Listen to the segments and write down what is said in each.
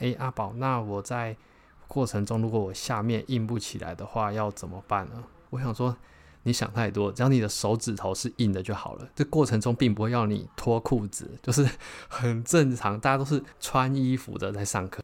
哎、欸，阿寶，那我在過程中如果我下面硬不起來的話，要怎麼辦呢？我想說，你想太多，只要你的手指頭是硬的就好了。這過程中並不會要你脫褲子，就是很正常，大家都是穿衣服的在上課。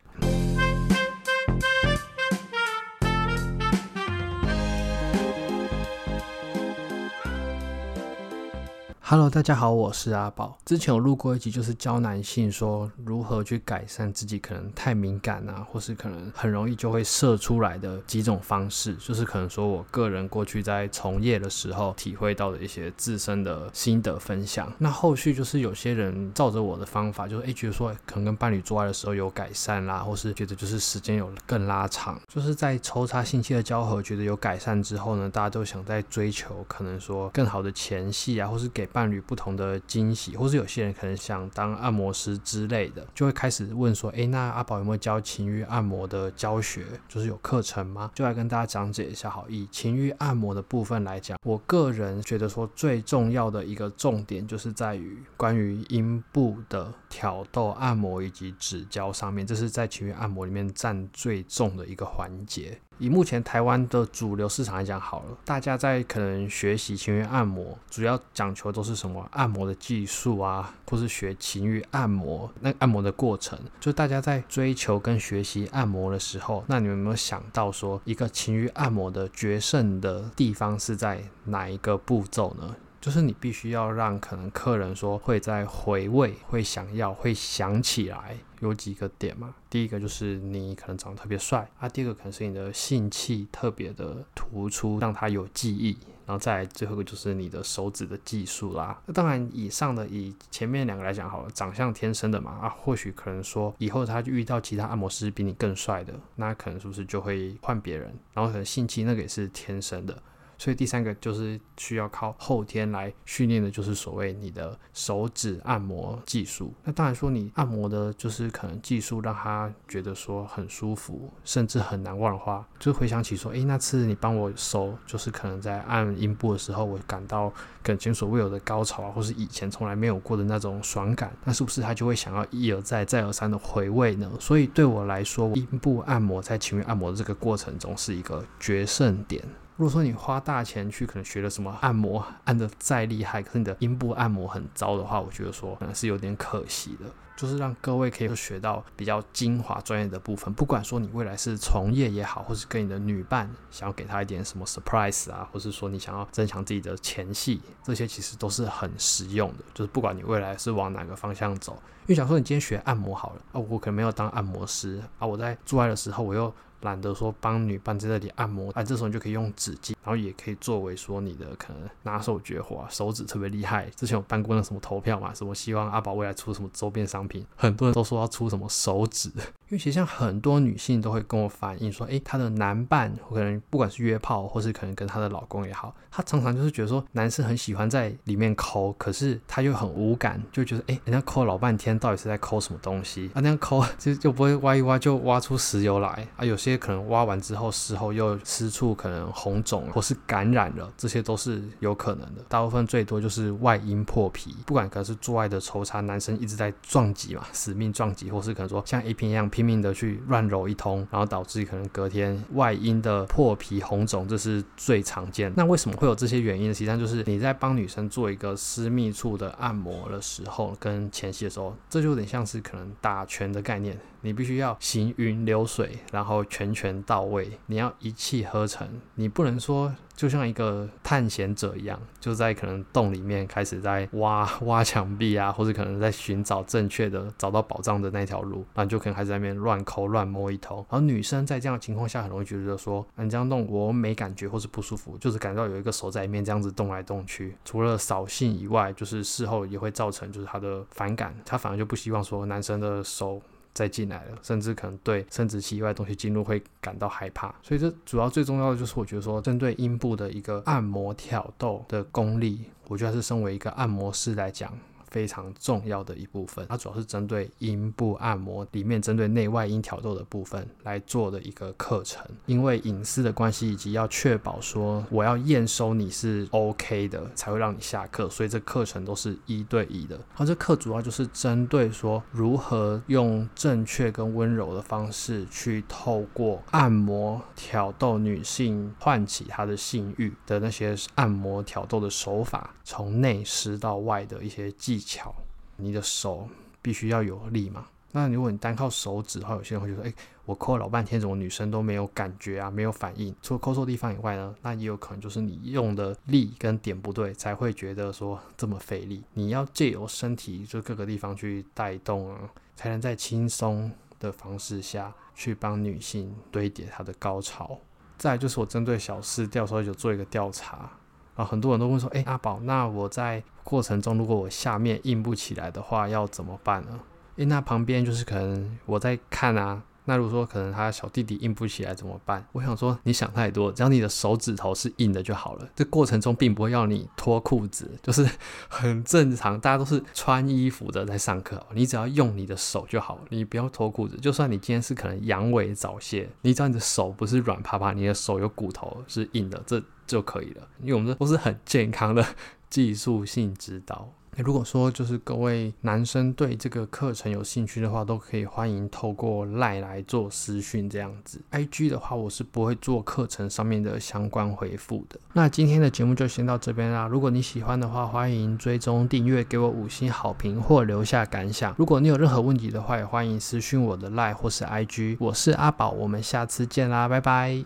Hello，大家好，我是阿寶。之前有錄過一集，就是教男性說如何去改善自己，可能太敏感啊，或是可能很容易就會射出來的幾種方式，就是可能說我個人過去在從業的時候體會到的一些自身的心得分享。那後續就是有些人照着我的方法，就是誒覺得說可能跟伴侶做愛的時候有改善啦、啊，或是覺得就是時間有更拉長，就是在抽插性器的交合覺得有改善之後呢，大家都想在追求可能說更好的前戲啊，或是給。伴侶不同的驚喜，或是有些人可能想當按摩師之類的，就會開始問說：哎，那阿寶有沒有教情欲按摩的教學，就是有課程嗎？就來跟大家講解一下好意。好，以情欲按摩的部分來講，我個人覺得說最重要的一個重點，就是在於關於陰部的挑逗按摩以及指交上面，這是在情欲按摩裡面佔最重的一個環節。以目前台灣的主流市場來講，好了，大家在可能學習情慾按摩，主要講求都是什麼？按摩的技術啊，或是學情慾按摩那個按摩的過程，就大家在追求跟學習按摩的時候，那你有沒有想到說，一個情慾按摩的決勝的地方是在哪一個步驟呢？就是你必須要讓可能客人說會再回味、會想要、會想起來，有幾個點嘛？第一個就是你可能長得特別帥啊，第二個可能是你的性器特別的突出，讓他有記憶，然後再來最後一個就是你的手指的技術啦。那當然，以上的以前面兩個來講好了，長相天生的嘛啊，或許可能說以後他遇到其他按摩師比你更帥的，那可能是不是就會換別人？然後可能性器那個也是天生的。所以第三個就是需要靠後天來訓練的，就是所謂你的手指按摩技術。那當然說你按摩的，就是可能技術讓他覺得說很舒服，甚至很難忘的話，就回想起說，哎，那次你幫我手，就是可能在按陰部的時候，我感到前所未有的高潮啊，或是以前從來沒有過的那種爽感。那是不是他就會想要一而再再而三的回味呢？所以對我來說，陰部按摩在情慾按摩的這個過程中是一個決勝點。如果說你花大錢去可能學了什麼按摩，按得再厲害，可是你的陰部按摩很糟的話，我覺得說可能是有點可惜的。就是讓各位可以學到比較精華專業的部分，不管說你未來是從業也好，或是跟你的女伴想要給她一點什麼 surprise 啊，或是說你想要增強自己的前戲，這些其實都是很實用的。就是不管你未來是往哪個方向走，因為想說你今天學按摩好了啊，我可能沒有當按摩師啊，我在做愛的時候我又。懶得說幫女伴在這裡按摩，啊，這時候你就可以用紙巾，然後也可以作為說你的可能拿手絕活，啊，手指特別厲害。之前有辦過那什麼投票嘛，什麼希望阿寶未來出什麼周邊商品，很多人都說要出什麼手指，因 為其實像很多女性都會跟我反映說，誒、欸，她的男伴可能不管是約炮，或是可能跟她的老公也好，她常常就是覺得說，男士很喜歡在裡面摳，可是她又很無感，就覺得哎、欸，人家摳老半天到底是在摳什麼東西？啊，那樣摳就就不會挖一挖就挖出石油來啊，有。這些可能挖完之後事後又私處可能紅腫或是感染了，這些都是有可能的。大部分最多就是外陰破皮，不管可能是做愛的抽插，男生一直在撞擊嘛，死命撞擊，或是可能說像 A 片一樣拼命的去亂揉一通，然後導致可能隔天外陰的破皮紅腫，這是最常見的。那為什麼會有這些原因呢？其實際上就是你在幫女生做一個私密處的按摩的時候，跟前戲的時候，這就有點像是可能打拳的概念，你必須要行雲流水，然後。拳拳到位，你要一氣呵成，你不能說就像一個探險者一樣，就在可能洞裡面開始在挖挖牆壁啊，或者可能在尋找正確的找到寶藏的那條路，那你就可能還在那邊亂摳亂摸一通。而女生在這樣的情況下，很容易覺得說、啊，你這樣弄我沒感覺或是不舒服，就是感覺到有一個手在裡面這樣子動來動去，除了掃興以外，就是事後也會造成就是她的反感，她反而就不希望說男生的手。再進來了，甚至可能對生殖器以外東西進入會感到害怕，所以這主要最重要的就是，我覺得說針對陰部的一個按摩挑逗的功力，我覺得還是身為一個按摩師來講非常重要的一部分，它主要是針對陰部按摩，裡面針對內外陰挑逗的部分來做的一個課程。因為隱私的關係，以及要確保說我要驗收你是 OK 的，才會讓你下課，所以這課程都是一對一的。好、啊，這課主要就是針對說如何用正確跟溫柔的方式，去透過按摩挑逗女性，喚起她的性欲的那些按摩挑逗的手法，從內施到外的一些技技巧，你的手必須要有力嘛。那如果你單靠手指的話，有些人會覺得：誒、欸，我摳了老半天，怎麼女生都沒有感覺啊，沒有反應。除了摳錯地方以外呢，那也有可能就是你用的力跟點不對，才會覺得說這麼費力。你要借由身體就各個地方去帶動啊，才能在輕鬆的方式下去幫女性堆疊她的高潮。再來就是我針對小四時候，就做一個調查。啊，很多人都問說：“哎、欸，阿寶，那我在過程中，如果我下面硬不起來的話，要怎麼辦呢？”哎、欸，那旁邊就是可能我在看啊。那如果說可能他小弟弟硬不起來怎麼辦？我想說你想太多，只要你的手指頭是硬的就好了。這過程中並不會要你脫褲子，就是很正常，大家都是穿衣服的在上課喔。你只要用你的手就好，你不要脫褲子。就算你今天是可能陽痿早洩，你只要你的手不是軟趴趴，你的手有骨頭是硬的，這就可以了。因為我們的都是很健康的技術性指導。如果說就是各位男生對這個課程有興趣的話，都可以歡迎透過 LINE 來做私訊這樣子。IG 的話，我是不會做課程上面的相關回復的。那今天的節目就先到這邊啦。如果你喜歡的話，歡迎追蹤訂閱，給我五星好評或留下感想。如果你有任何問題的話，也歡迎私訊我的 LINE 或是 IG。我是阿寶，我們下次見啦，拜拜。